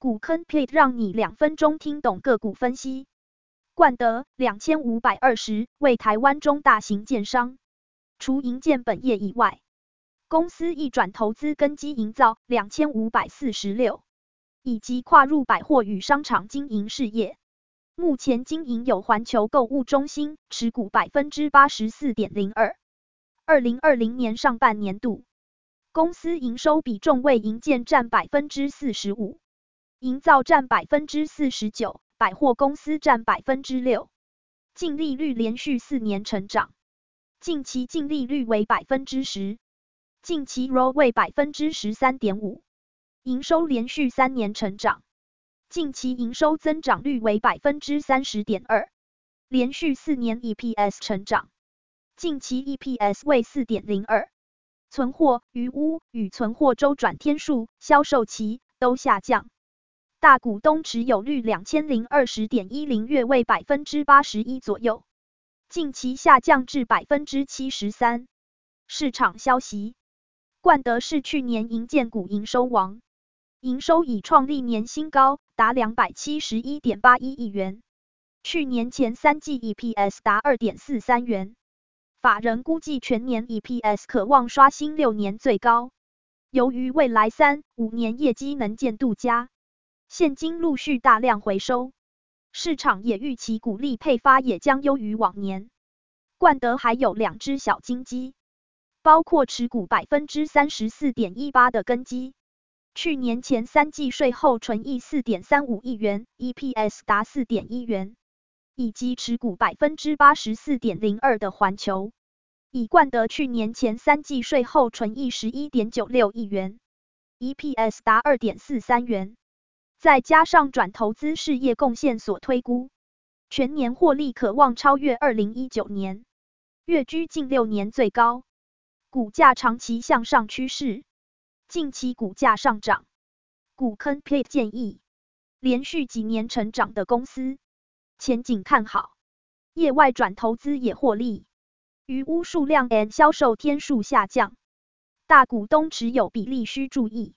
股坑 please 讓你兩分鐘聽懂個股分析。冠德兩千五百二十為台灣中大型建商，除營建本業以外，公司一轉投資根基營造兩千五百四十六，以及跨入百貨與商場經營事業。目前經營有環球購物中心，持股百分之八十四點零二。二零二零年上半年度，公司營收比重為營建占百分之四十五。營造占百分之四十九，百貨公司占百分之六，淨利率連續四年成長，近期淨利率為百分之十，近期 ROE 為百分之十三點五，營收連續三年成長，近期營收增長率為百分之三十點二，連續四年 EPS 成長，近期 EPS 為四點零二，存貨、餘屋與存貨週轉天數、銷售期都下降。大股東持有率兩千零二十點一零月為百分之八十一左右，近期下降至百分之七十三。市場消息：冠德是去年營建股營收王，營收已創歷年新高，達兩百七十一點八一億元。去年前三季 EPS 達二點四三元，法人估計全年 EPS 可望刷新六年最高，由於未來三五年業績能見度佳。現金陸續大量回收，市場也預期股利配發也將優於往年。冠德還有兩隻小金雞，包括持股百分之三十四點一八的根基，去年前三季稅後純益四點三五億元，EPS 達四點一元；以及持股百分之八十四點零二的環球，以冠德去年前三季稅後純益十一點九六億元，EPS 達二點四三元。再加上轉投資事業貢獻，所推估全年獲利可望超越二零一九年，躍居近六年最高。股價長期向上趨勢，近期股價上漲。股 c o p l e t e 建議，連續幾年成長的公司，前景看好。業外轉投資也獲利，餘屋數量 and 銷售天數下降，大股東持有比例需注意。